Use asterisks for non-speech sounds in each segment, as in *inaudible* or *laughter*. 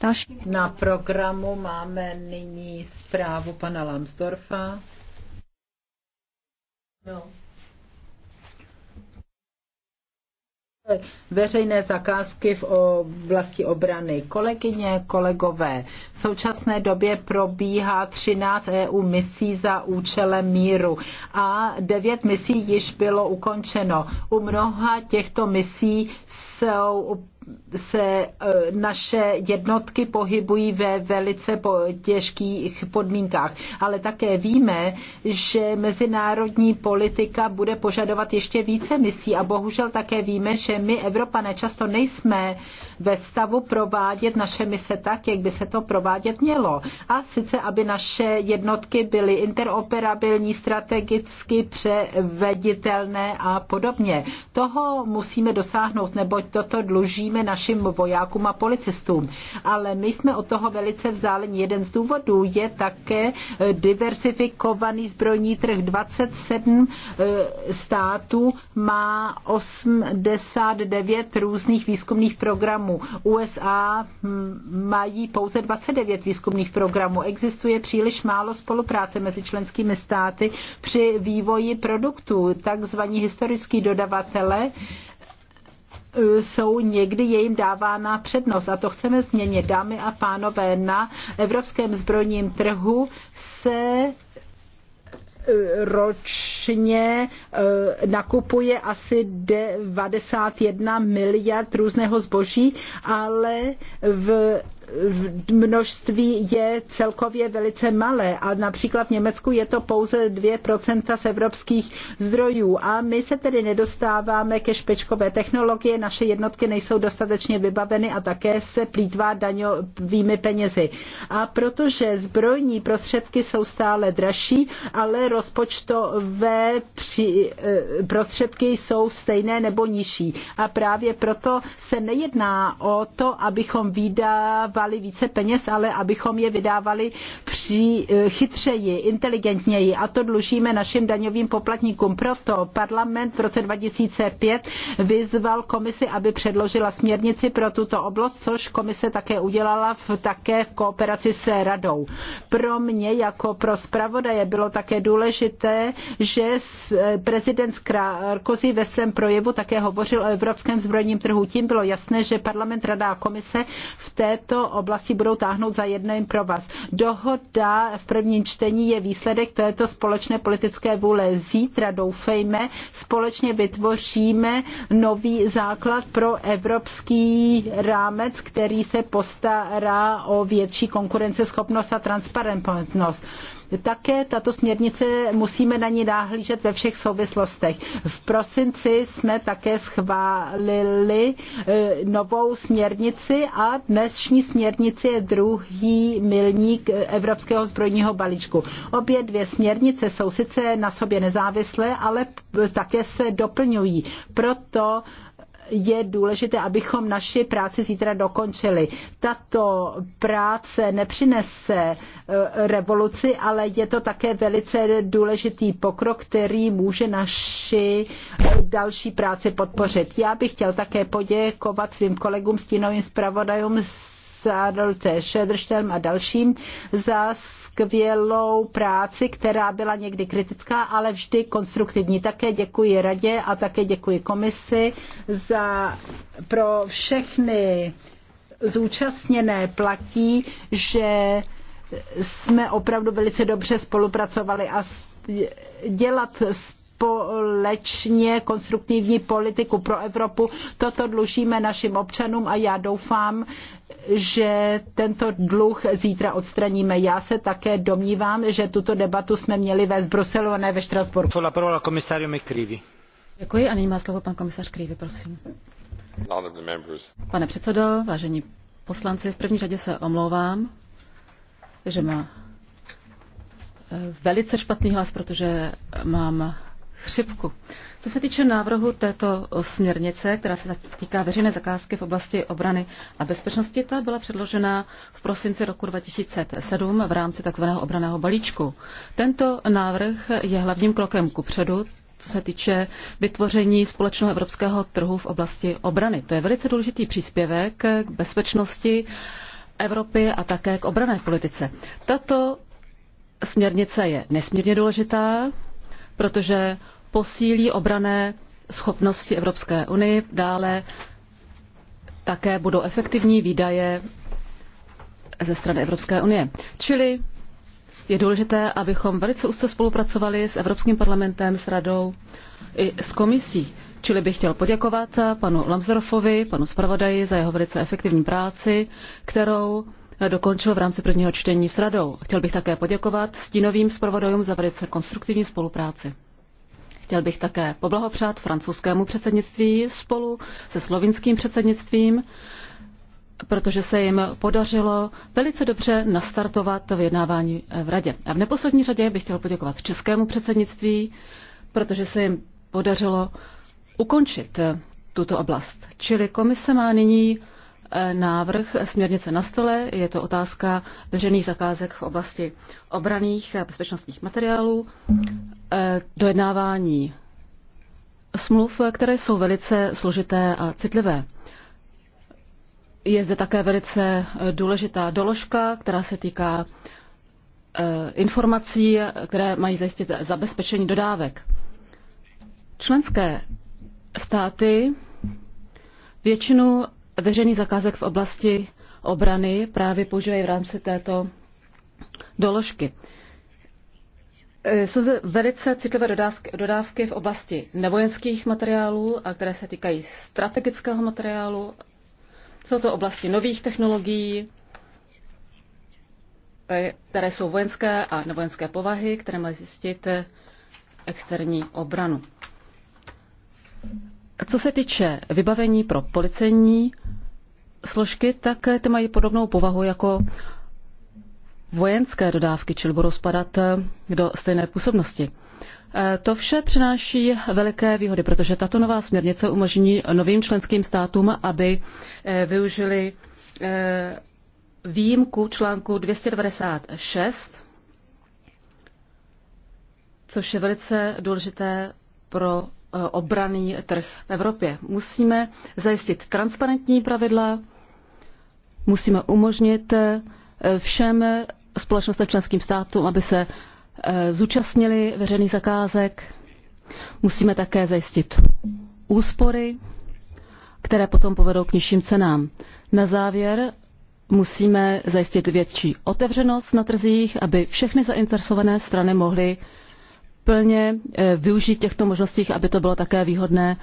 Další... Na programu máme nyní zprávu pana Lambsdorfa. No. veřejné zakázky v oblasti obrany. Kolegyně, kolegové, v současné době probíhá 13 EU misí za účelem míru a 9 misí již bylo ukončeno. U mnoha těchto misí jsou se e, naše jednotky pohybují ve velice těžkých podmínkách. Ale také víme, že mezinárodní politika bude požadovat ještě více misí a bohužel také víme, že my Evropané často nejsme ve stavu provádět naše mise tak, jak by se to provádět mělo. A sice, aby naše jednotky byly interoperabilní, strategicky převeditelné a podobně. Toho musíme dosáhnout, neboť toto dlužíme děkujeme našim vojákům a policistům. Ale my jsme od toho velice vzdáleni. Jeden z důvodů je také eh, diversifikovaný zbrojní trh. 27 eh, států má 89 různých výzkumných programů. USA hm, mají pouze 29 výzkumných programů. Existuje příliš málo spolupráce mezi členskými státy při vývoji produktů. Takzvaní historický dodavatele jsou někdy je jim dávána přednost. A to chceme změnit. Dámy a pánové, na evropském zbrojním trhu se e, ročně e, nakupuje asi 91 miliard různého zboží, ale v množství je celkově velice malé a například v Německu je to pouze 2% z evropských zdrojů a my se tedy nedostáváme ke špečkové technologie, naše jednotky nejsou dostatečně vybaveny a také se plítvá daňovými penězi. A protože zbrojní prostředky jsou stále dražší, ale rozpočtové při, eh, prostředky jsou stejné nebo nižší. A právě proto se nejedná o to, abychom výdávali vydávali více peněz, ale abychom je vydávali při, eh, chytřeji, inteligentněji. A to dlužíme našim daňovým poplatníkům. Proto parlament v roce 2005 vyzval komisi, aby předložila směrnici pro tuto oblast, což komise také udělala v, také v kooperaci s radou. Pro mě jako pro zpravodaje bylo také důležité, že eh, prezident Sarkozy ve svém projevu také hovořil o evropském zbrojním trhu. Tím bylo jasné, že parlament, rada a komise v této oblasti budou táhnout za jeden pro vás. Dohoda v prvním čtení je výsledek této společné politické vůle. Zítra doufejme, společně vytvoříme nový základ pro evropský rámec, který se postará o větší konkurenceschopnost a transparentnost. Také tato směrnice musíme na ní náhlížet ve všech souvislostech. V prosinci jsme také schválili e, novou směrnici a dnešní směrnice je druhý milník e, Evropského zbrojního balíčku. Obě dvě směrnice jsou sice na sobě nezávislé, ale také se doplňují. Proto je důležité, abychom naši práci zítra dokončili. Tato práce nepřinese e, revoluci, ale je to také velice důležitý pokrok, který může naši e, další práci podpořit. Já bych chtěl také poděkovat svým kolegům, stínovým zpravodajům, s Adolte Šedrštelm a dalším za skvělou práci, která byla někdy kritická, ale vždy konstruktivní. Také děkuji radě a také děkuji komisi za pro všechny zúčastněné platí, že jsme opravdu velice dobře spolupracovali a dělat společně konstruktivní politiku pro Evropu. Toto dlužíme našim občanům a já doufám, že tento dluh zítra odstraníme. Já se také domnívám, že tuto debatu jsme měli vést v Bruselu a ne ve Štrasburku. Děkuji a nyní má slovo pan komisař Krývy, prosím. Pane předsedo, vážení poslanci, v první řadě se omlouvám, že má eh, velice špatný hlas, protože mám chřipku. Co se týče návrhu této směrnice, která se týká veřejné zakázky v oblasti obrany a bezpečnosti, ta byla předložena v prosinci roku 2007 v rámci tzv. obraného balíčku. Tento návrh je hlavním krokem kupředu, co se týče vytvoření společného evropského trhu v oblasti obrany. To je velice důležitý příspěvek k bezpečnosti Evropy a také k obrané politice. Tato směrnice je nesmírně důležitá, protože posílí obrané schopnosti Evropské unie. Dále také budou efektivní výdaje ze strany Evropské unie. Čili je důležité, abychom velice úzce spolupracovali s Evropským parlamentem, s radou i s komisí. Čili bych chtěl poděkovat panu Lamsdorfovi, panu zpravodaji za jeho velice efektivní práci, kterou dokončil v rámci prvního čtení s radou. Chtěl bych také poděkovat stínovým zpravodajům za velice konstruktivní spolupráci. Chtěl bych také poblahopřát francouzskému předsednictví spolu se slovinským předsednictvím, protože se jim podařilo velice dobře nastartovat to vyjednávání eh, v radě. A v neposlední řadě bych chtěl poděkovat českému předsednictví, protože se jim podařilo ukončit eh, tuto oblast. Čili komise má nyní E, návrh směrnice na stole. Je to otázka veřejných zakázek v oblasti obraných a bezpečnostních materiálů, e, dojednávání smluv, které jsou velice složité a citlivé. Je zde také velice důležitá doložka, která se týká e, informací, které mají zajistit zabezpečení dodávek. Členské státy většinu veřejný zakázek v oblasti obrany právě používají v rámci této doložky. E, jsou zde velice citlivé dodávky v oblasti nevojenských materiálů, a které se týkají strategického materiálu. Jsou to oblasti nových technologií, e, které jsou vojenské a nevojenské povahy, které mají zjistit e, externí obranu. Co se týče vybavení pro policejní složky, tak eh, ty mají podobnou povahu jako vojenské dodávky, čili budou spadat eh, do stejné působnosti. Eh, to vše přináší veliké výhody, protože tato nová směrnice umožní novým členským státům, aby využili výjimku článku 296, což je velice důležité pro Eh, obraný trh v Evropě. Musíme zajistit transparentní pravidla, musíme umožnit eh, všem společnostem členským státům, aby se eh, zúčastnili veřejných zakázek. Musíme také zajistit úspory, které potom povedou k nižším cenám. Na závěr musíme zajistit větší otevřenost na trzích, aby všechny zainteresované strany mohly plně eh, využít těchto možností, aby to bylo také výhodné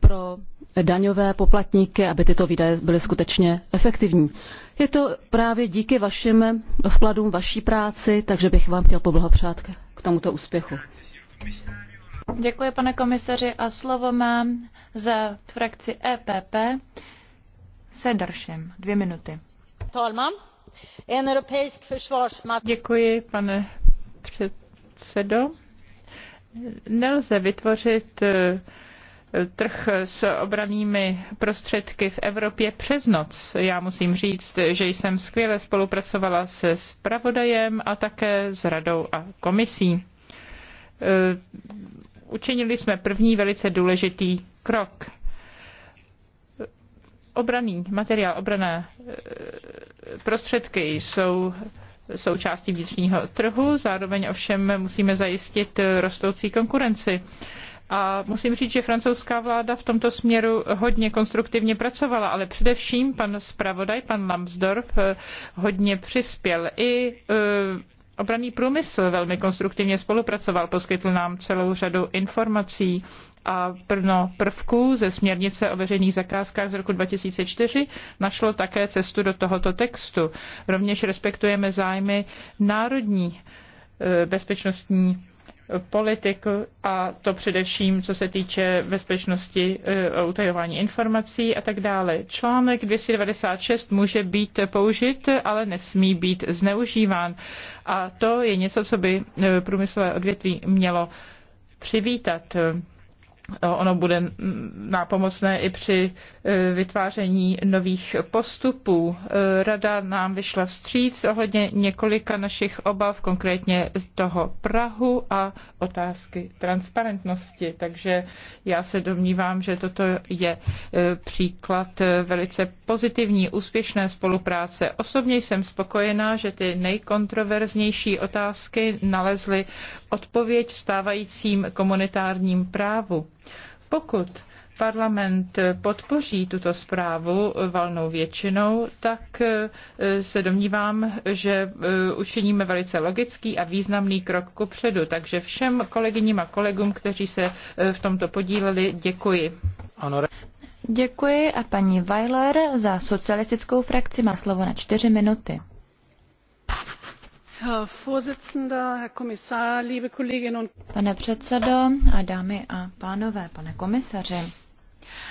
pro daňové poplatníky, aby tyto výdaje byly skutečně efektivní. Je to právě díky vašim vkladům, vaší práci, takže bych vám chtěl poblahopřát k tomuto úspěchu. Děkuji, pane komisaři, a slovo mám za frakci EPP se dalším. Dvě minuty. Děkuji, pane předsedo. Nelze vytvořit eh, trh s obranými prostředky v Evropě přes noc. Já musím říct, že jsem skvěle spolupracovala se spravodajem a také s radou a komisí. Eh, učinili jsme první velice důležitý krok obraný materiál, obrané eh, prostředky jsou součástí vnitřního trhu, zároveň ovšem musíme zajistit rostoucí konkurenci. A musím říct, že francouzská vláda v tomto směru hodně konstruktivně pracovala, ale především pan zpravodaj, pan Lambsdorff, eh, hodně přispěl i eh, Obraný průmysl velmi konstruktivně spolupracoval, poskytl nám celou řadu informací a prvno prvků ze směrnice o veřejných zakázkách z roku 2004 našlo také cestu do tohoto textu. Rovněž respektujeme zájmy národní e, bezpečnostní politik a to především, co se týče bezpečnosti e, a utajování informací a tak dále. Článek 296 může být použit, ale nesmí být zneužíván. A to je něco, co by e, průmyslové odvětví mělo přivítat ono bude nápomocné i při e, vytváření nových postupů. E, Rada nám vyšla vstříc ohledně několika našich obav, konkrétně toho Prahu a otázky transparentnosti. Takže já se domnívám, že toto je e, příklad velice pozitivní, úspěšné spolupráce. Osobně jsem spokojená, že ty nejkontroverznější otázky nalezly odpověď v stávajícím komunitárním právu. Pokud parlament podpoří tuto zprávu valnou většinou, tak eh, se domnívám, že eh, učiníme velice logický a významný krok ku předu. Takže všem kolegyním a kolegům, kteří se eh, v tomto podíleli, děkuji. Děkuji a paní Weiler za socialistickou frakci má slovo na čtyři minuty. Pane předsedo dámy a pane komisaři,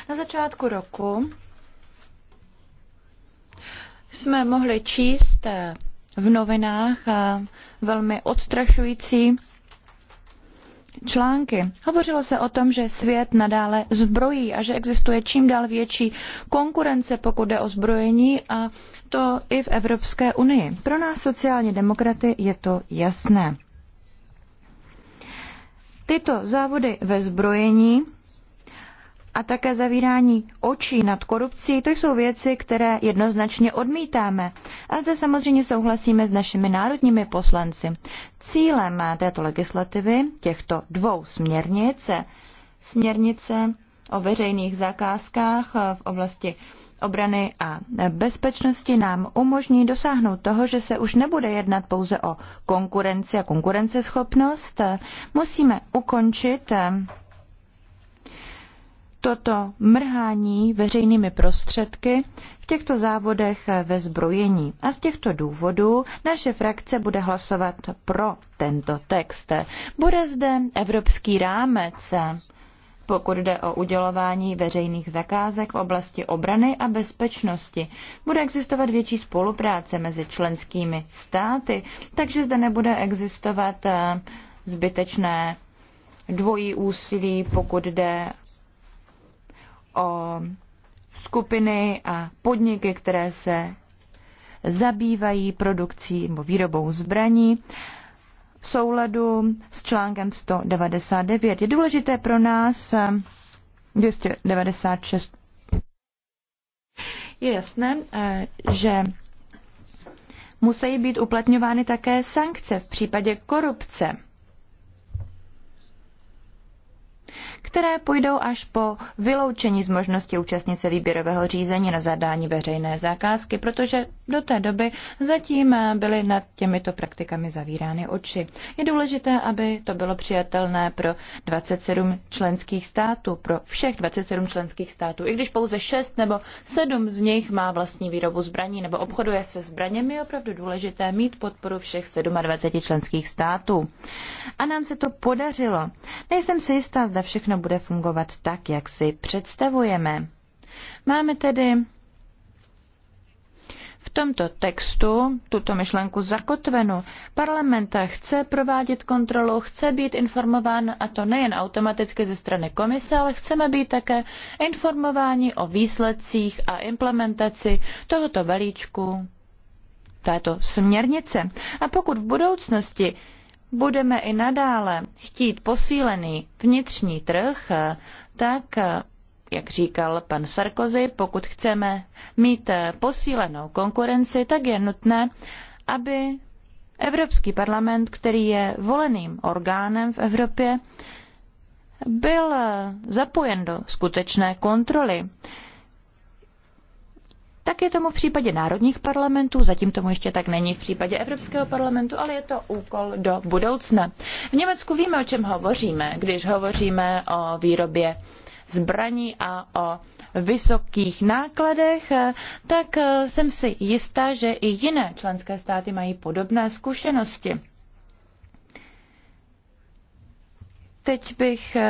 na začátku roku jsme mohli číst v novinách eh, velmi odstrašující články. Hovořilo se o tom, že svět nadále zbrojí a že existuje čím dál větší konkurence, pokud jde o zbrojení a to i v Evropské unii. Pro nás sociální demokraty je to jasné. Tyto závody ve zbrojení a také zavírání očí nad korupcí, to jsou věci, které jednoznačně odmítáme. A zde samozřejmě souhlasíme s našimi národními poslanci. Cílem této legislativy, těchto dvou směrnic, směrnice o veřejných zakázkách v oblasti obrany a bezpečnosti nám umožní dosáhnout toho, že se už nebude jednat pouze o konkurenci a konkurenceschopnost. Musíme ukončit toto mrhání veřejnými prostředky v těchto závodech ve zbrojení. A z těchto důvodů naše frakce bude hlasovat pro tento text. Bude zde evropský rámec, pokud jde o udělování veřejných zakázek v oblasti obrany a bezpečnosti. Bude existovat větší spolupráce mezi členskými státy, takže zde nebude existovat eh, zbytečné dvojí úsilí, pokud jde o skupiny a podniky, které se zabývají produkcí nebo výrobou zbraní v souladu s článkem 199. Je důležité pro nás 296. Eh, Je jasné, eh, že musí být uplatňovány také sankce v případě korupce. které půjdou až po vyloučení z možnosti účastnice výběrového řízení na zadání veřejné zakázky, protože do té doby zatím byly nad těmito praktikami zavírány oči. Je důležité, aby to bylo přijatelné pro 27 členských států, pro všech 27 členských států, i když pouze 6 nebo 7 z nich má vlastní výrobu zbraní nebo obchoduje se zbraněmi, je opravdu důležité mít podporu všech 27 členských států. A nám se to podařilo. Nejsem si jistá, zda všechno nebude fungovat tak, jak si představujeme. Máme tedy v tomto textu tuto myšlenku zakotvenu. Parlament chce provádět kontrolu, chce být informován, a to nejen automaticky ze strany komise, ale chceme být také informováni o výsledcích a implementaci tohoto balíčku, této směrnice. A pokud v budoucnosti budeme i nadále chtít posílený vnitřní trh, tak jak říkal pan Sarkozy, pokud chceme mít posílenou konkurenci, tak je nutné, aby Evropský parlament, který je voleným orgánem v Evropě, byl zapojen do skutečné kontroly. Tak je tomu v případě národních parlamentů, zatím tomu ještě tak není v případě Evropského parlamentu, ale je to úkol do budoucna. V Německu víme, o čem hovoříme, když hovoříme o výrobě zbraní a o vysokých nákladech, tak eh, jsem si jistá, že i jiné členské státy mají podobné zkušenosti. Teď bych eh,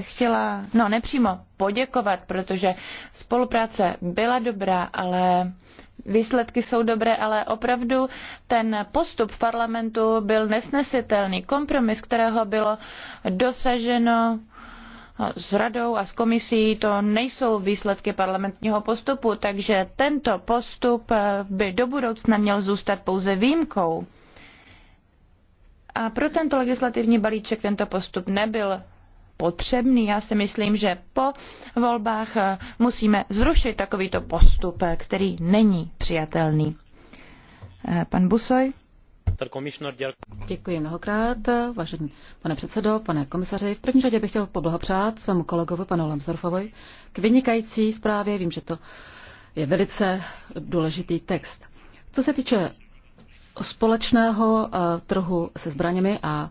chtěla, no nepřímo poděkovat, protože spolupráce byla dobrá, ale výsledky jsou dobré, ale opravdu ten postup v parlamentu byl nesnesitelný. Kompromis, kterého bylo dosaženo no, s radou a s komisí, to nejsou výsledky parlamentního postupu, takže tento postup eh, by do budoucna měl zůstat pouze výjimkou. A pro tento legislativní balíček tento postup nebyl potřebný. Já si myslím, že po volbách eh, musíme zrušit takovýto postup, eh, který není přijatelný. Eh, pan Busoj. Děkuji mnohokrát, vážený pane předsedo, pane komisaři. V první řadě bych chtěl poblahopřát svému kolegovi, panu Lamsorfovi, k vynikající zprávě. Vím, že to je velice důležitý text. Co se týče společného eh, trhu se zbraněmi a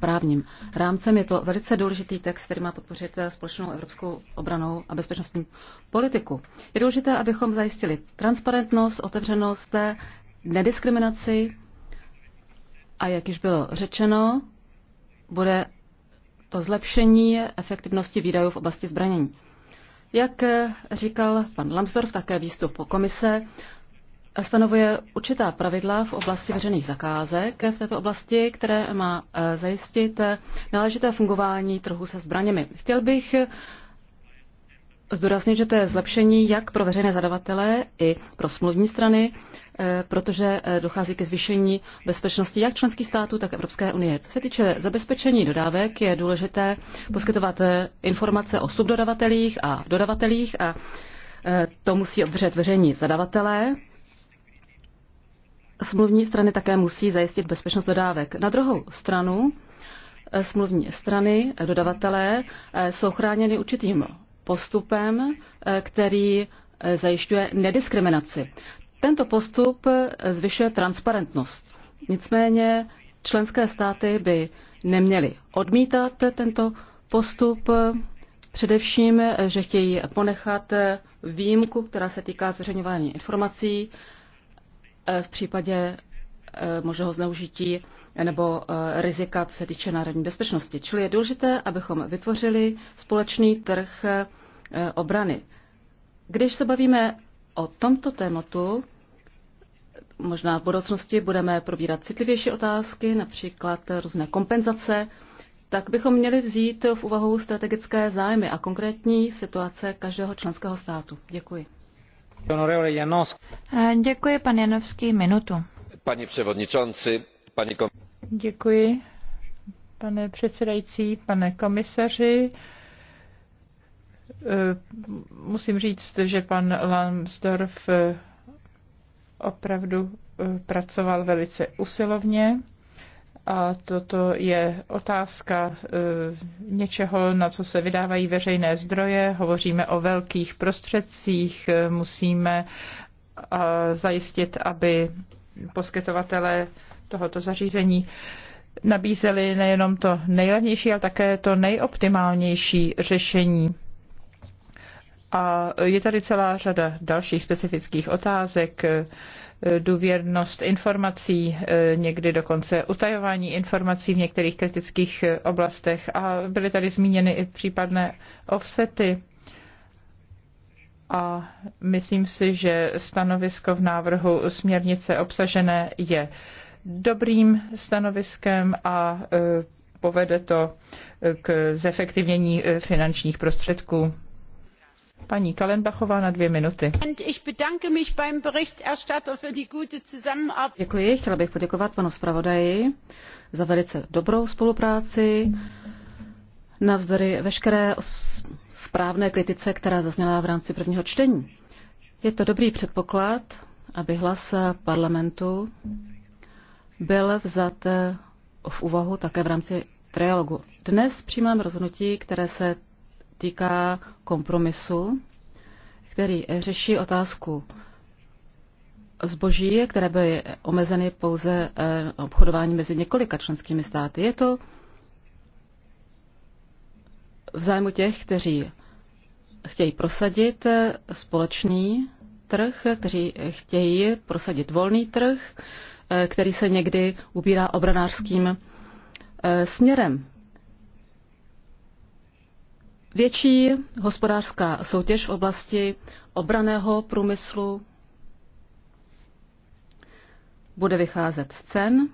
právním rámcem. Je to velice důležitý text, který má podpořit eh, společnou evropskou obranou a bezpečnostní politiku. Je důležité, abychom zajistili transparentnost, otevřenost, eh, nediskriminaci a jak již bylo řečeno, bude to zlepšení efektivnosti výdajů v oblasti zbranění. Jak říkal pan Lambsdorff, také výstup po komise, stanovuje určitá pravidla v oblasti veřejných zakázek v této oblasti, které má eh, zajistit eh, náležité fungování trhu se zbraněmi. Chtěl bych eh, zdůraznit, že to je zlepšení jak pro veřejné zadavatele i pro smluvní strany, protože dochází ke zvýšení bezpečnosti jak členských států, tak Evropské unie. Co se týče zabezpečení dodávek, je důležité poskytovat informace o subdodavatelích a dodavatelích a to musí obdržet veřejní zadavatelé smluvní strany také musí zajistit bezpečnost dodávek. Na druhou stranu eh, smluvní strany, eh, dodavatelé, eh, jsou chráněny určitým postupem, který zajišťuje nediskriminaci. Tento postup zvyšuje transparentnost. Nicméně členské státy by neměly odmítat tento postup, především, že chtějí ponechat výjimku, která se týká zveřejňování informací, v případě eh, možného zneužití nebo eh, rizika, co se týče národní bezpečnosti. Čili je důležité, abychom vytvořili společný trh eh, obrany. Když se bavíme o tomto tématu, možná v budoucnosti budeme probírat citlivější otázky, například různé kompenzace, tak bychom měli vzít v úvahu strategické zájmy a konkrétní situace každého členského státu. Děkuji. Eh, děkuji, pan Janovský, minutu. Pani předsedající, pani kom... Děkuji, pane předsedající, pane komisaři. Eh, musím říct, že pan Lambsdorff eh, opravdu pracoval velice usilovně a toto je otázka e, něčeho, na co se vydávají veřejné zdroje. Hovoříme o velkých prostředcích, e, musíme e, zajistit, aby poskytovatelé tohoto zařízení nabízeli nejenom to nejlevnější, ale také to nejoptimálnější řešení. A je tady celá řada dalších specifických otázek důvěrnost informací, eh, někdy dokonce utajování informací v některých kritických eh, oblastech a byly tady zmíněny i případné offsety. A myslím si, že stanovisko v návrhu směrnice obsažené je dobrým stanoviskem a eh, povede to k zefektivnění finančních prostředků Paní Kalenbachová na dvě minuty. Děkuji, chtěla bych poděkovat panu zpravodaji za velice dobrou spolupráci. Navzdory veškeré správné kritice, která zazněla v rámci prvního čtení. Je to dobrý předpoklad, aby hlas parlamentu byl vzat v úvahu také v rámci trialogu. Dnes přijímám rozhodnutí, které se týká kompromisu, který řeší otázku zboží, které byly omezeny pouze eh, obchodování mezi několika členskými státy. Je to v zájmu těch, kteří chtějí prosadit eh, společný trh, kteří chtějí prosadit volný trh, eh, který se někdy ubírá obranářským směrem. Větší hospodářská soutěž v oblasti obraného průmyslu bude vycházet z cen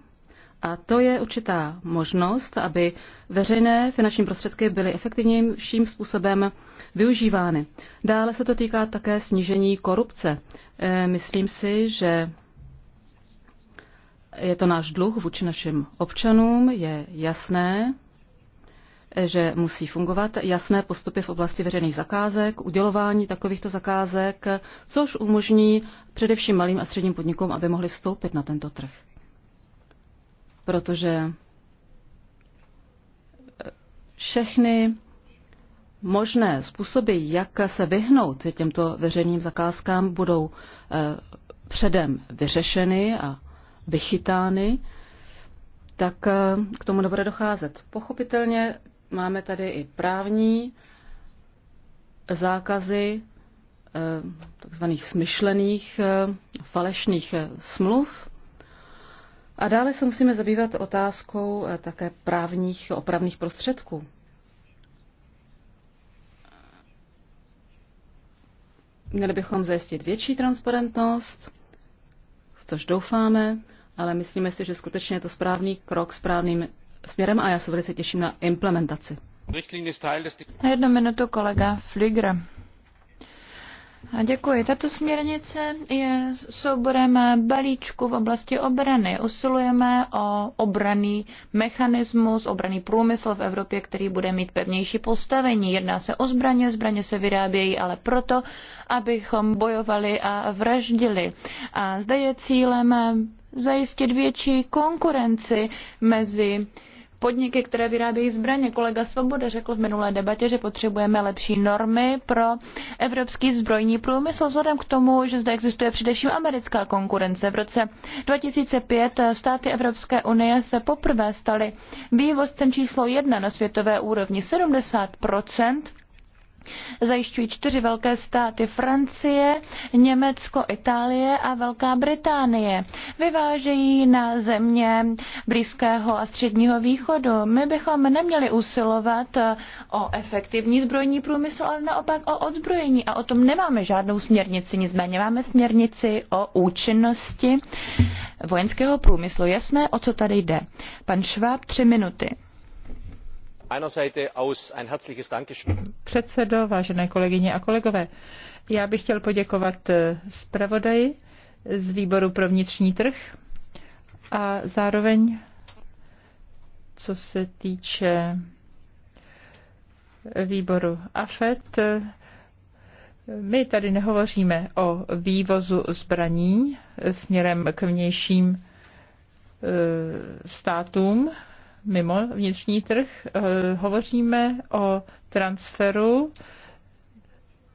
a to je určitá možnost, aby veřejné finanční prostředky byly efektivnějším způsobem využívány. Dále se to týká také snížení korupce. Eh, myslím si, že je to náš dluh vůči našim občanům, je jasné, že musí fungovat jasné postupy v oblasti veřejných zakázek, udělování takovýchto zakázek, což umožní především malým a středním podnikům, aby mohli vstoupit na tento trh. Protože eh, všechny možné způsoby, jak se vyhnout těmto veřejným zakázkám, budou eh, předem vyřešeny a vychytány, tak eh, k tomu nebude docházet. Pochopitelně Máme tady i právní zákazy eh, takzvaných smyšlených eh, falešných eh, smluv. A dále se musíme zabývat otázkou také právních opravných prostředků. Měli bychom zajistit větší transparentnost, v což doufáme, ale myslíme si, že skutečně je to správný krok správným směrem a já se velice těším na implementaci. Na jednu minutu kolega Fligra. A děkuji. Tato směrnice je souborem balíčku v oblasti obrany. Usilujeme o obraný mechanismus, obraný průmysl v Evropě, který bude mít pevnější postavení. Jedná se o zbraně, zbraně se vyrábějí ale proto, abychom bojovali a vraždili. A zde je cílem zajistit větší konkurenci mezi podniky, které vyrábějí zbraně. Kolega Svoboda řekl v minulé debatě, že potřebujeme lepší normy pro evropský zbrojní průmysl, vzhledem k tomu, že zde existuje především americká konkurence. V roce 2005 státy Evropské unie se poprvé staly vývozcem číslo jedna na světové úrovni 70 zajišťují čtyři velké státy Francie, Německo, Itálie a Velká Británie. Vyvážejí na země Blízkého a Středního východu. My bychom neměli usilovat eh, o efektivní zbrojní průmysl, ale naopak o odzbrojení. A o tom nemáme žádnou směrnici, nicméně máme směrnici o účinnosti vojenského průmyslu. Jasné, o co tady jde. Pan Šváb, tři minuty. Předsedo, vážené kolegyně a kolegové, já bych chtěl poděkovat eh, zpravodaji z výboru pro vnitřní trh a zároveň, co se týče výboru AFET, eh, my tady nehovoříme o vývozu zbraní směrem k vnějším eh, státům, mimo vnitřní trh, eh, hovoříme o transferu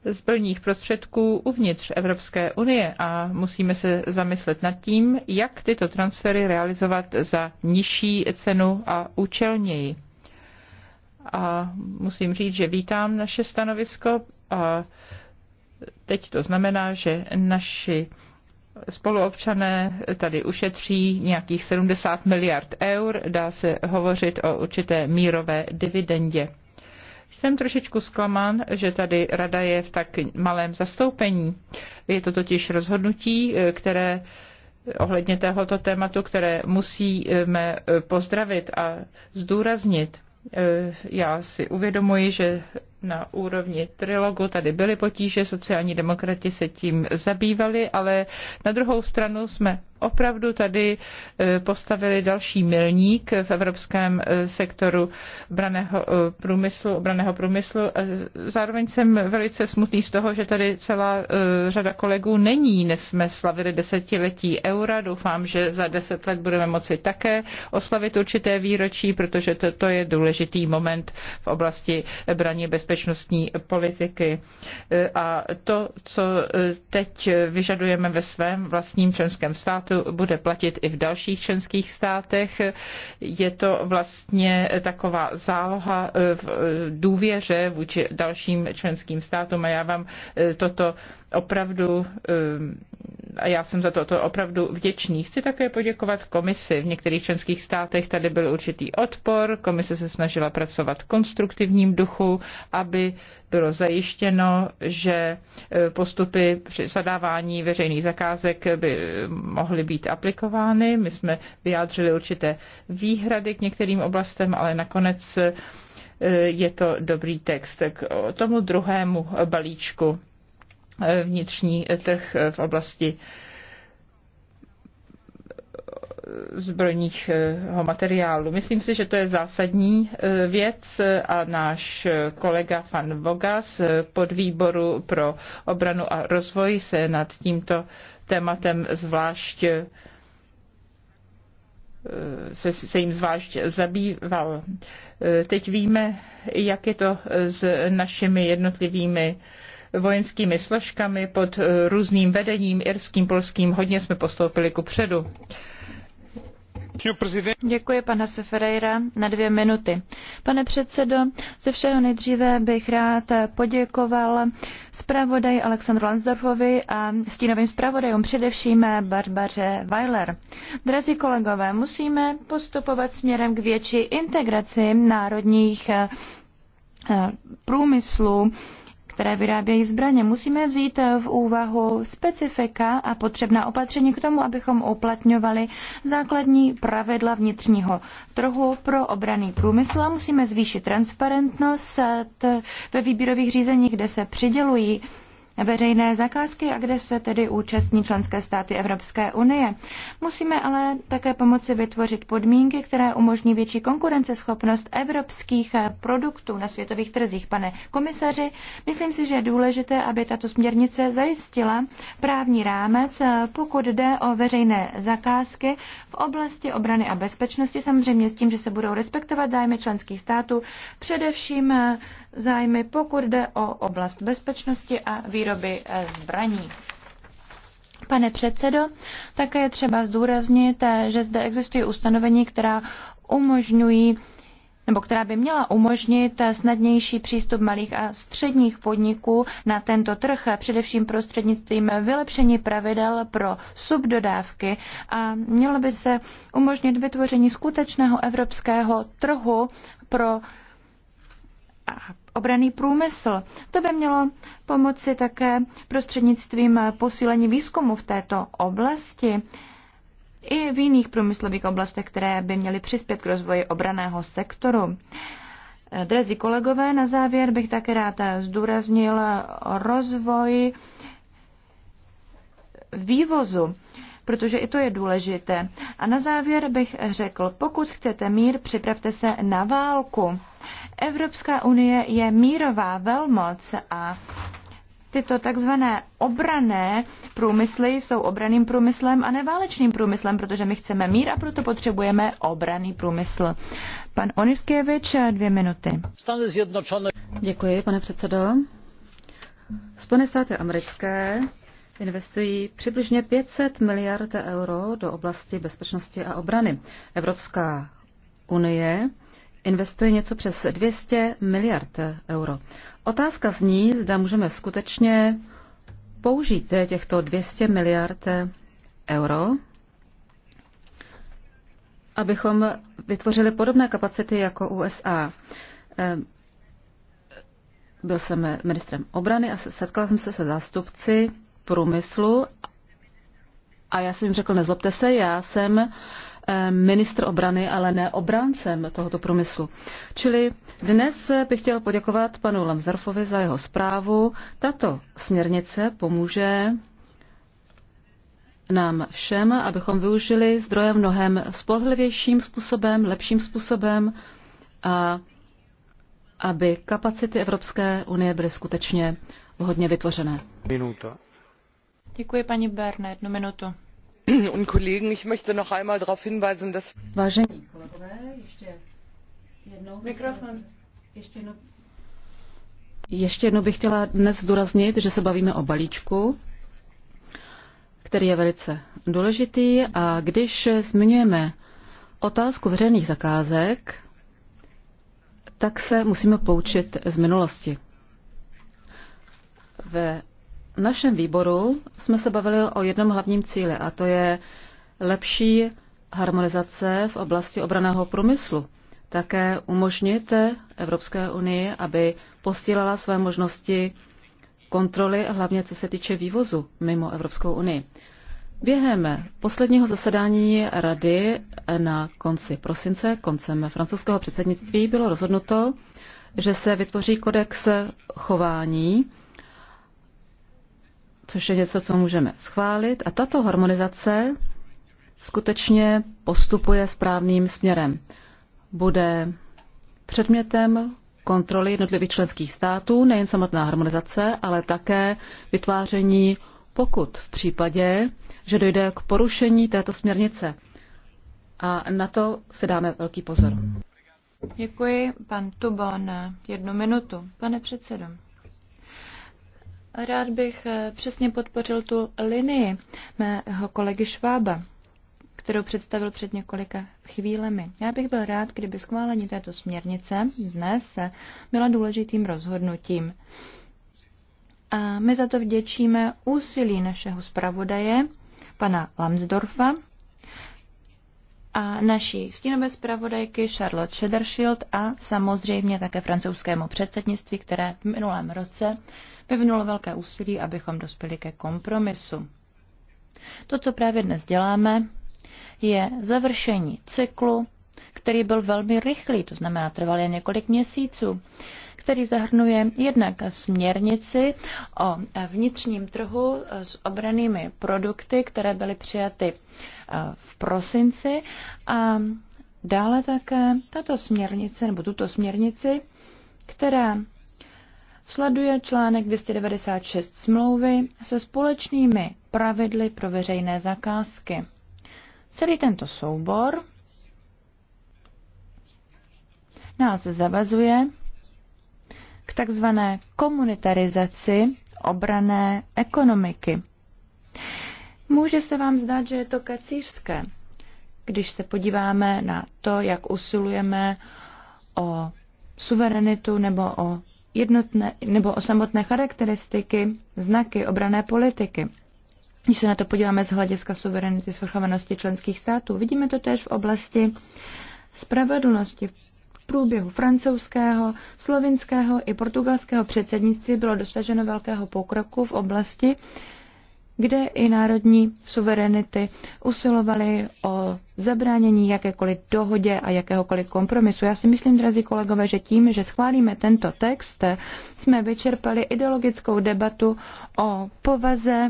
zbrojních prostředků uvnitř Evropské unie a musíme se zamyslet nad tím, jak tyto transfery realizovat za nižší cenu a účelněji. A musím říct, že vítám naše stanovisko a teď to znamená, že naši spoluobčané tady ušetří nějakých 70 miliard eur. Dá se hovořit o určité mírové dividendě. Jsem trošičku zklamán, že tady rada je v tak malém zastoupení. Je to totiž rozhodnutí, které ohledně tohoto tématu, které musíme pozdravit a zdůraznit. Já si uvědomuji, že na úrovni trilogu tady byly potíže, sociální demokrati se tím zabývali, ale na druhou stranu jsme opravdu tady e, postavili další milník v evropském e, sektoru braného e, průmyslu, obraného průmyslu. Zároveň jsem velice smutný z toho, že tady celá řada kolegů není. než jsme slavili desetiletí eura. Doufám, že za deset let budeme moci také oslavit určité výročí, protože to, to je důležitý moment v oblasti braně bezpečnosti bezpečnostní politiky. A to, co teď vyžadujeme ve svém vlastním členském státu, bude platit i v dalších členských státech. Je to vlastně taková záloha v důvěře vůči dalším členským státům a já vám toto opravdu a já jsem za toto opravdu vděčný. Chci také poděkovat komisi. V některých členských státech tady byl určitý odpor, komise se snažila pracovat v konstruktivním duchu a aby bylo zajištěno, že e, postupy při zadávání veřejných zakázek by mohly být aplikovány. My jsme vyjádřili určité výhrady k některým oblastem, ale nakonec e, je to dobrý text. K tomu druhému balíčku e, vnitřní trh v oblasti zbrojního eh, materiálu. Myslím si, že to je zásadní eh, věc a náš kolega Fan Voga z podvýboru pro obranu a rozvoj se nad tímto tématem zvlášť eh, se, se jim zvlášť zabýval. Teď víme, jak je to s našimi jednotlivými vojenskými složkami pod různým vedením, irským, polským. Hodně jsme postoupili ku předu. Děkuji, na dvě minuty. Pane předsedo, ze všeho nejdříve bych rád poděkoval zpravodaji Alexandru Lansdorfovi a stínovým zpravodajům především Barbaře Weiler. Drazí kolegové, musíme postupovat směrem k větší integraci národních eh, průmyslů které vyrábějí zbraně. Musíme vzít eh, v úvahu specifika a potřebná opatření k tomu, abychom uplatňovali základní pravidla vnitřního trhu pro obraný průmysl a musíme zvýšit transparentnost eh, ve výběrových řízeních, kde se přidělují veřejné zakázky a kde se tedy účastní členské státy Evropské unie. Musíme ale také pomoci vytvořit podmínky, které umožní větší konkurenceschopnost evropských eh, produktů na světových trzích. Pane komisaři, myslím si, že je důležité, aby tato směrnice zajistila právní rámec, eh, pokud jde o veřejné zakázky v oblasti obrany a bezpečnosti, samozřejmě s tím, že se budou respektovat zájmy členských států, především eh, zájmy, pokud jde o oblast bezpečnosti a výroby eh, zbraní. Pane předsedo, také je třeba zdůraznit, eh, že zde existují ustanovení, která umožňují nebo která by měla umožnit eh, snadnější přístup malých a středních podniků na tento trh, především prostřednictvím vylepšení pravidel pro subdodávky a mělo by se umožnit vytvoření skutečného evropského trhu pro obraný průmysl. To by mělo pomoci také prostřednictvím posílení výzkumu v této oblasti i v jiných průmyslových oblastech, které by měly přispět k rozvoji obraného sektoru. Drazí kolegové, na závěr bych také rád zdůraznil rozvoj vývozu, protože i to je důležité. A na závěr bych řekl, pokud chcete mír, připravte se na válku. Evropská unie je mírová velmoc a Tyto takzvané obrané průmysly jsou obraným průmyslem a neválečným průmyslem, protože my chceme mír a proto potřebujeme obraný průmysl. Pan Oniskevič, dvě minuty. Děkuji, pane předsedo. Spojené státy americké investují přibližně 500 miliard euro do oblasti bezpečnosti a obrany. Evropská unie investuje něco přes 200 miliard euro. Otázka zní, zda můžeme skutečně použít těchto 200 miliard euro, abychom vytvořili podobné kapacity jako USA. Ehm, byl jsem ministrem obrany a setkal jsem se se zástupci průmyslu a já jsem jim řekl, nezlobte se, já jsem Eh, ministr obrany, ale ne obráncem tohoto průmyslu. Čili dnes bych chtěl poděkovat panu Lamzarfovi za jeho zprávu. Tato směrnice pomůže nám všem, abychom využili zdroje mnohem spolehlivějším způsobem, lepším způsobem a aby kapacity Evropské unie byly skutečně vhodně vytvořené. Minuta. Děkuji paní Berne, jednu minutu. *clears throat* und Kollegen, ich möchte noch einmal darauf hinweisen, dass... ještě jednou... Ještě jednou bych chtěla dnes zdůraznit, že se bavíme o balíčku, který je velice důležitý a když zmiňujeme otázku veřejných zakázek, tak se musíme poučit z minulosti. Ve našem výboru jsme se bavili o jednom hlavním cíli a to je lepší harmonizace v oblasti obraného průmyslu. Také umožnit Evropské unii, aby posílala své možnosti kontroly, hlavně co se týče vývozu mimo Evropskou unii. Během posledního zasedání rady na konci prosince, koncem francouzského předsednictví, bylo rozhodnuto, že se vytvoří kodex chování což je něco, co můžeme schválit. A tato harmonizace skutečně postupuje správným směrem. Bude předmětem kontroly jednotlivých členských států, nejen samotná harmonizace, ale také vytváření pokud v případě, že dojde k porušení této směrnice. A na to se dáme velký pozor. Děkuji, pan Tubon, jednu minutu. Pane předsedo, Rád bych eh, přesně podpořil tu linii mého kolegy Švába, kterou představil před několika chvílemi. Já bych byl rád, kdyby schválení této směrnice dnes eh, byla důležitým rozhodnutím. A my za to vděčíme úsilí našeho zpravodaje, pana Lambsdorfa, a naší stínové zpravodajky Charlotte Shedershield a samozřejmě také francouzskému předsednictví, které v minulém roce vyvinulo velké úsilí, abychom dospěli ke kompromisu. To, co právě dnes děláme, je završení cyklu, který byl velmi rychlý, to znamená trval jen několik měsíců, který zahrnuje jednak směrnici o vnitřním trhu s obranými produkty, které byly přijaty eh, v prosinci a dále také tato směrnice, nebo tuto směrnici, která sleduje článek 296 smlouvy se společnými pravidly pro veřejné zakázky. Celý tento soubor nás zavazuje k takzvané komunitarizaci obrané ekonomiky. Může se vám zdát, že je to kacířské, když se podíváme na to, jak usilujeme o suverenitu nebo o jednotné nebo o samotné charakteristiky, znaky obrané politiky. Když se na to podíváme z hlediska suverenity svrchovanosti členských států, vidíme to též v oblasti spravedlnosti. V průběhu francouzského, slovinského i portugalského předsednictví bylo dosaženo velkého pokroku v oblasti kde i národní suverenity usilovaly o zabránění jakékoliv dohodě a jakéhokoliv kompromisu. Já si myslím, drazí kolegové, že tím, že schválíme tento text, jsme vyčerpali ideologickou debatu o povaze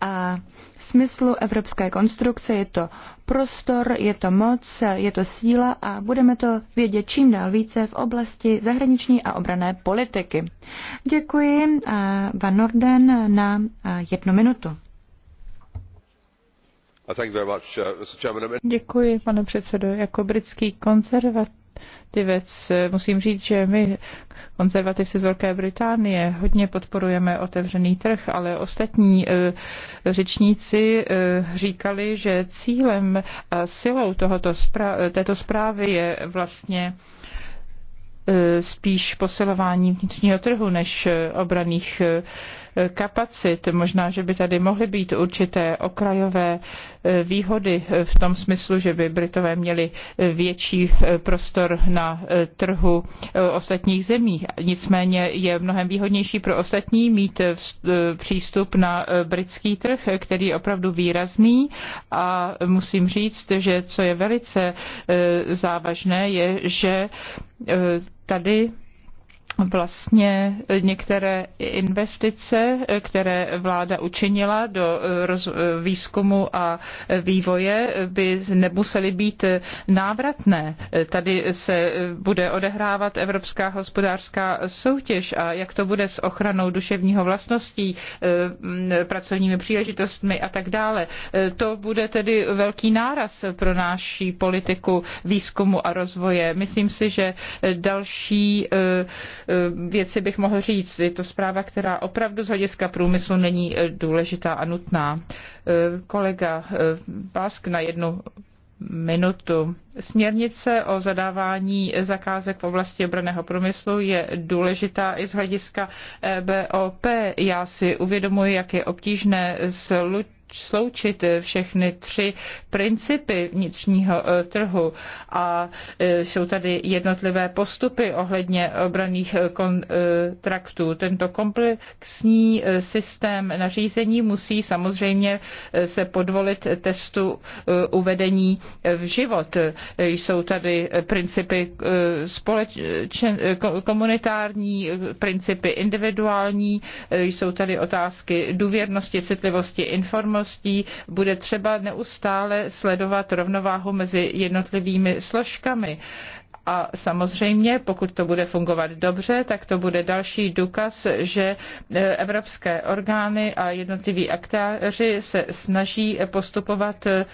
a v smyslu evropské konstrukce je to prostor, je to moc, je to síla a budeme to vědět čím dál více v oblasti zahraniční a obrané politiky. Děkuji eh, Van Norden na eh, jednu minutu. Uh, uh, Děkuji, pane předsedo. Jako britský konzervativ věc eh, Musím říct, že my, konzervativci z Velké Británie, hodně podporujeme otevřený trh, ale ostatní e, řečníci e, říkali, že cílem a silou tohoto zpra- této zprávy je vlastně e, spíš posilování vnitřního trhu než obraných e, kapacit. Možná, že by tady mohly být určité okrajové eh, výhody eh, v tom smyslu, že by Britové měli eh, větší prostor na trhu ostatních zemí. Nicméně je mnohem výhodnější pro ostatní mít přístup na britský trh, který je opravdu výrazný a musím říct, že co je velice závažné, je, že tady vlastně některé investice, které vláda učinila do eh, eh, výzkumu a vývoje, by nemusely být návratné. Tady se eh, bude odehrávat Evropská hospodářská soutěž a jak to bude s ochranou duševního vlastností, pracovními příležitostmi a tak dále. To bude tedy velký náraz pro naší politiku výzkumu a rozvoje. Myslím si, že další Eh, věci bych mohl říct. Je to zpráva, která opravdu z hlediska průmyslu není eh, důležitá a nutná. Eh, kolega Bask na jednu minutu. Směrnice o zadávání zakázek v oblasti obraného průmyslu je důležitá i z hlediska e BOP. Já si uvědomuji, jak je obtížné slučit sloučit všechny tři principy vnitřního eh, trhu a eh, jsou tady jednotlivé postupy ohledně obraných eh, kontraktů. Tento komplexní systém nařízení musí samozřejmě se podvolit testu uvedení v život. Jsou tady principy společen, komunitární, principy individuální, jsou tady otázky důvěrnosti, citlivosti, informace, okolností bude třeba neustále sledovat rovnováhu mezi jednotlivými složkami. A samozřejmě, pokud to bude fungovat dobře, tak to bude další důkaz, že e, evropské orgány a jednotliví aktéři se snaží postupovat e,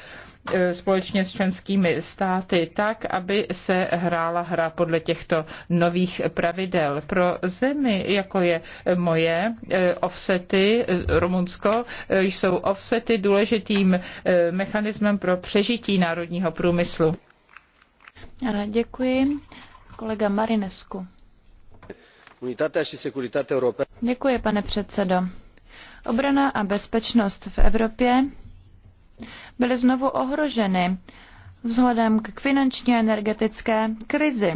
společně s členskými státy tak, aby se hrála hra podle těchto nových pravidel. Pro zemi, jako je moje, e, offsety, Rumunsko, jsou offsety důležitým mechanismem pro přežití národního průmyslu. Eh, děkuji. Kolega Marinescu. Děkuji, pane předsedo. Obrana a bezpečnost v Evropě byly znovu ohroženy vzhledem k finanční a energetické krizi.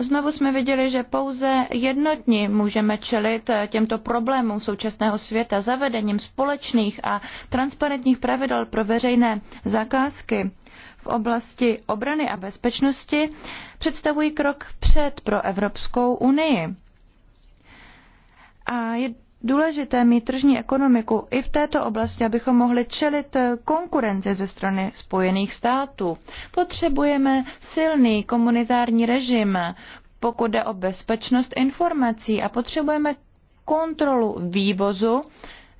Znovu jsme viděli, že pouze jednotní můžeme čelit těmto problémům současného světa zavedením společných a transparentních pravidel pro veřejné zakázky v oblasti obrany a bezpečnosti představují krok před pro Evropskou unii. A je důležité mít tržní ekonomiku i v této oblasti, abychom mohli čelit konkurenci ze strany Spojených států. Potřebujeme silný komunitární režim, pokud jde o bezpečnost informací a potřebujeme kontrolu vývozu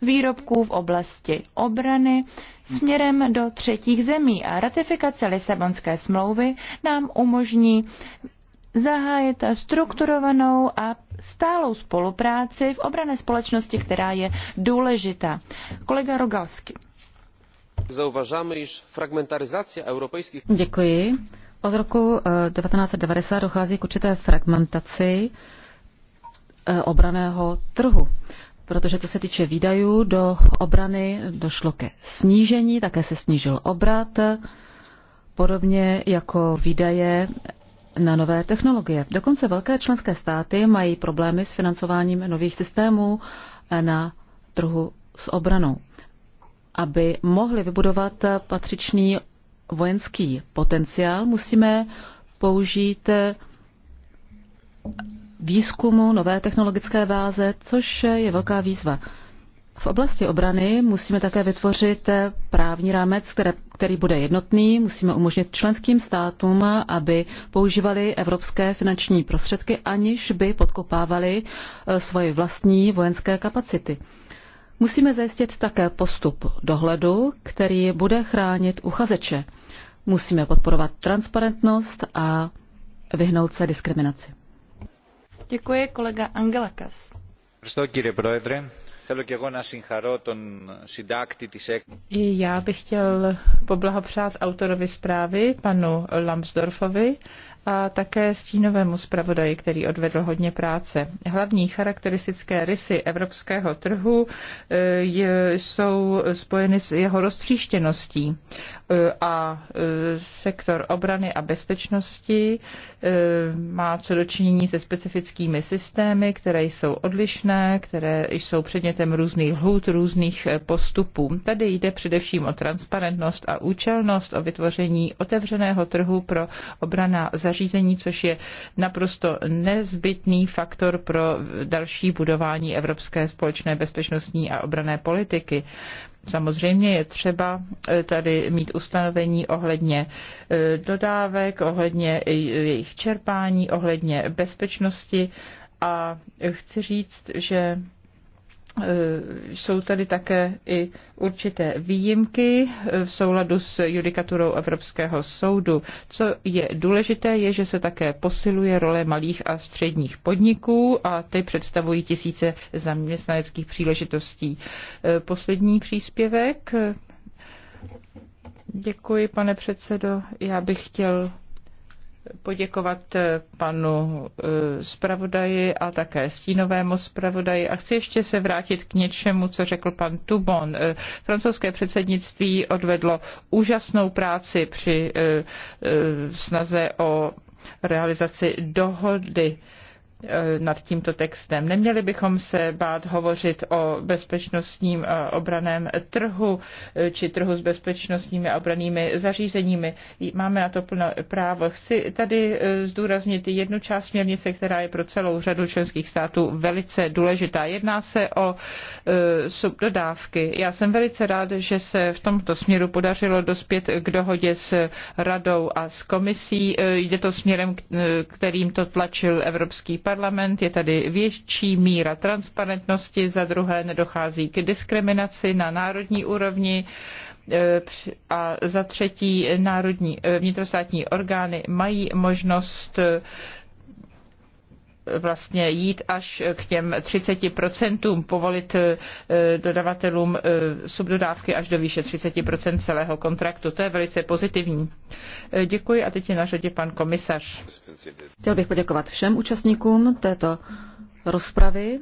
výrobků v oblasti obrany směrem do třetích zemí a ratifikace Lisabonské smlouvy nám umožní zahájit strukturovanou a stálou spolupráci v obrané společnosti, která je důležitá. Kolega Rogalsky. Zauvažáme, již fragmentarizace Děkuji. Od roku 1990 eh, dochází k určité fragmentaci eh, obraného trhu protože co se týče výdajů do obrany, došlo ke snížení, také se snížil obrat, podobně jako výdaje na nové technologie. Dokonce velké členské státy mají problémy s financováním nových systémů na trhu s obranou. Aby mohli vybudovat patřičný vojenský potenciál, musíme použít výzkumu, nové technologické báze, což je velká výzva. V oblasti obrany musíme také vytvořit právní rámec, které, který bude jednotný. Musíme umožnit členským státům, aby používali evropské finanční prostředky, aniž by podkopávali eh, svoje vlastní vojenské kapacity. Musíme zajistit také postup dohledu, který bude chránit uchazeče. Musíme podporovat transparentnost a vyhnout se diskriminaci. Děkuji kolega Angelakas. I já bych chtěl poblahopřát autorovi zprávy, panu Lambsdorffovi a také stínovému zpravodaji, který odvedl hodně práce. Hlavní charakteristické rysy evropského trhu e, jsou spojeny s jeho roztříštěností e, a e, sektor obrany a bezpečnosti má co dočinění se specifickými systémy, které jsou odlišné, které jsou předmětem různých hlut, různých postupů. Tady jde především o transparentnost a účelnost, o vytvoření otevřeného trhu pro obrana země zařízení, což je naprosto nezbytný faktor pro další budování evropské společné bezpečnostní a obrané politiky. Samozřejmě je třeba eh, tady mít ustanovení ohledně eh, dodávek, ohledně jejich čerpání, ohledně bezpečnosti a chci říct, že Eh, jsou tady také i určité výjimky eh, v souladu s judikaturou Evropského soudu. Co je důležité, je, že se také posiluje role malých a středních podniků a ty představují tisíce zaměstnaneckých příležitostí. Eh, poslední příspěvek. Děkuji, pane předsedo. Já bych chtěl poděkovat eh, panu eh, zpravodaji a také stínovému zpravodaji. A chci ještě se vrátit k něčemu, co řekl pan Tubon. Eh, francouzské předsednictví odvedlo úžasnou práci při snaze o realizaci dohody Eh, nad tímto textem. Neměli bychom se bát hovořit o bezpečnostním eh, obraném trhu eh, či trhu s bezpečnostními a obranými zařízeními. Máme na to plno právo. Chci tady zdůraznit jednu část směrnice, která je pro celou řadu členských států velice důležitá. Jedná se o subdodávky. Já jsem velice rád, že se v tomto směru podařilo dospět k dohodě s radou a s komisí. Jde to směrem, kterým to tlačil Evropský parlament parlament, je tady větší míra transparentnosti, za druhé nedochází k diskriminaci na národní úrovni e, a za třetí národní e, vnitrostátní orgány mají možnost vlastně jít až k těm 30%, povolit eh, dodavatelům eh, subdodávky až do výše 30% celého kontraktu. To je velice pozitivní. Eh, děkuji a teď je na řadě pan komisař. Chtěl bych poděkovat všem účastníkům této rozpravy.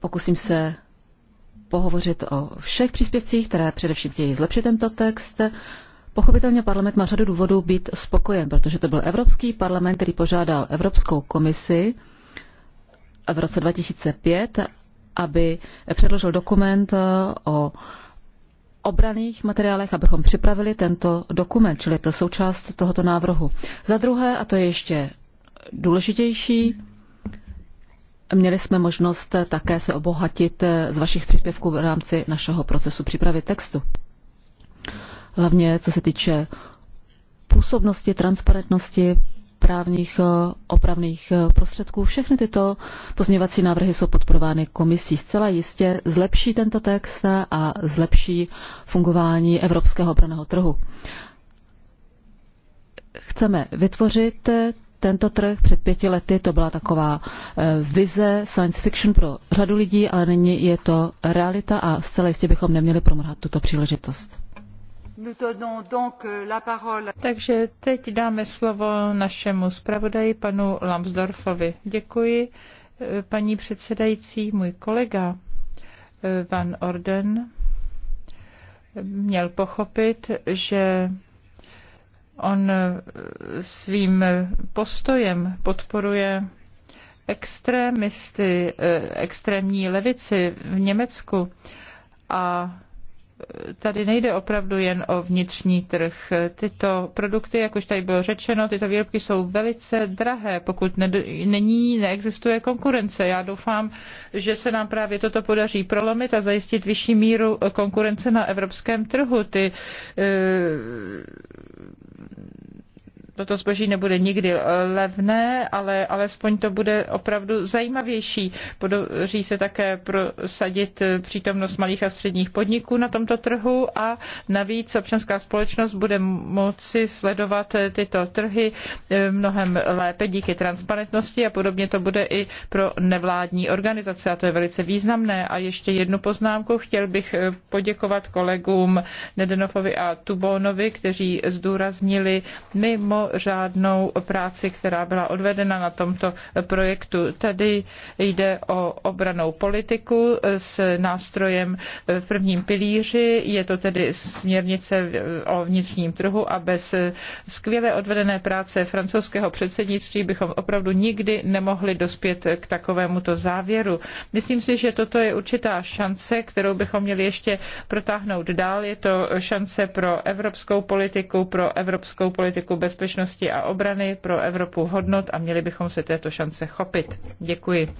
Pokusím se pohovořit o všech příspěvcích, které především chtějí zlepšit tento text. Pochopitelně parlament má řadu důvodů být spokojen, protože to byl Evropský parlament, který požádal Evropskou komisi v roce 2005, aby předložil dokument eh, o obraných materiálech, abychom připravili tento dokument, čili to součást tohoto návrhu. Za druhé, a to je ještě důležitější, Měli jsme možnost také se obohatit eh, z vašich příspěvků v rámci našeho procesu přípravy textu hlavně co se týče působnosti, transparentnosti, právních eh, opravných eh, prostředků. Všechny tyto pozměňovací návrhy jsou podporovány komisí. Zcela jistě zlepší tento text a zlepší fungování evropského obraného trhu. Chceme vytvořit tento trh před pěti lety, to byla taková eh, vize science fiction pro řadu lidí, ale nyní je to realita a zcela jistě bychom neměli promrhat tuto příležitost. Euh, Takže teď dáme slovo našemu zpravodaji, panu Lambsdorfovi. Děkuji, eh, paní předsedající, můj kolega eh, Van Orden měl pochopit, že on eh, svým postojem podporuje extrémisty, extrémní levici v Německu a tady nejde opravdu jen o vnitřní trh. Tyto produkty, jak už tady bylo řečeno, tyto výrobky jsou velice drahé, pokud ne, není, neexistuje konkurence. Já doufám, že se nám právě toto podaří prolomit a zajistit vyšší míru konkurence na evropském trhu. Ty, eh, toto zboží nebude nikdy eh, levné, ale alespoň to bude opravdu zajímavější. Podaří se také prosadit eh, přítomnost malých a středních podniků na tomto trhu a navíc občanská společnost bude moci sledovat eh, tyto trhy mnohem lépe díky transparentnosti a podobně to bude i pro nevládní organizace a to je velice významné. A ještě jednu poznámku chtěl bych poděkovat kolegům Nedenovovi a Tubonovi, kteří zdůraznili mimo žádnou práci, která byla odvedena na tomto projektu. Tady jde o obranou politiku s nástrojem v prvním pilíři, je to tedy směrnice o vnitřním trhu a bez skvěle odvedené práce francouzského předsednictví bychom opravdu nikdy nemohli dospět k takovémuto závěru. Myslím si, že toto je určitá šance, kterou bychom měli ještě protáhnout dál. Je to šance pro evropskou politiku, pro evropskou politiku bezpečnosti bezpečnosti a obrany pro Evropu hodnot a měli bychom se této šance chopit. Děkuji.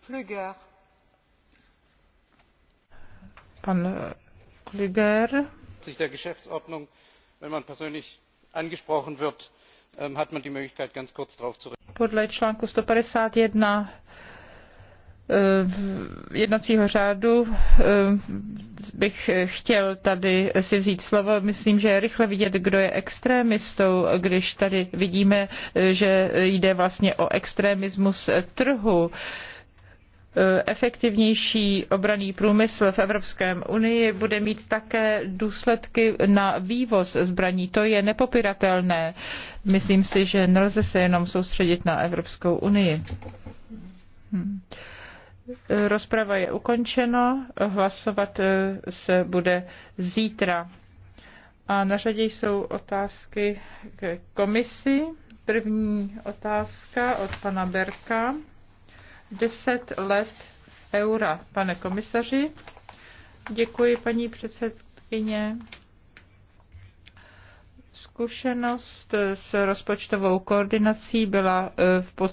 Flüger. Pan Flüger. Sich der Geschäftsordnung, wenn man persönlich angesprochen wird, ähm, hat man die Möglichkeit, ganz kurz darauf zu reagieren. Podle článku 151 jednacího řádu eh, bych chtěl tady si vzít slovo. Myslím, že je rychle vidět, kdo je extrémistou, když tady vidíme, eh, že jde vlastně o extremismus trhu eh, efektivnější obraný průmysl v Evropské unii bude mít také důsledky na vývoz zbraní. To je nepopiratelné. Myslím si, že nelze se jenom soustředit na Evropskou unii. Hmm. Rozprava je ukončena, hlasovat eh, se bude zítra. A na řadě jsou otázky k komisi. První otázka od pana Berka. Deset let eura, pane komisaři. Děkuji, paní předsedkyně. Zkušenost s rozpočtovou koordinací byla eh, v podstatě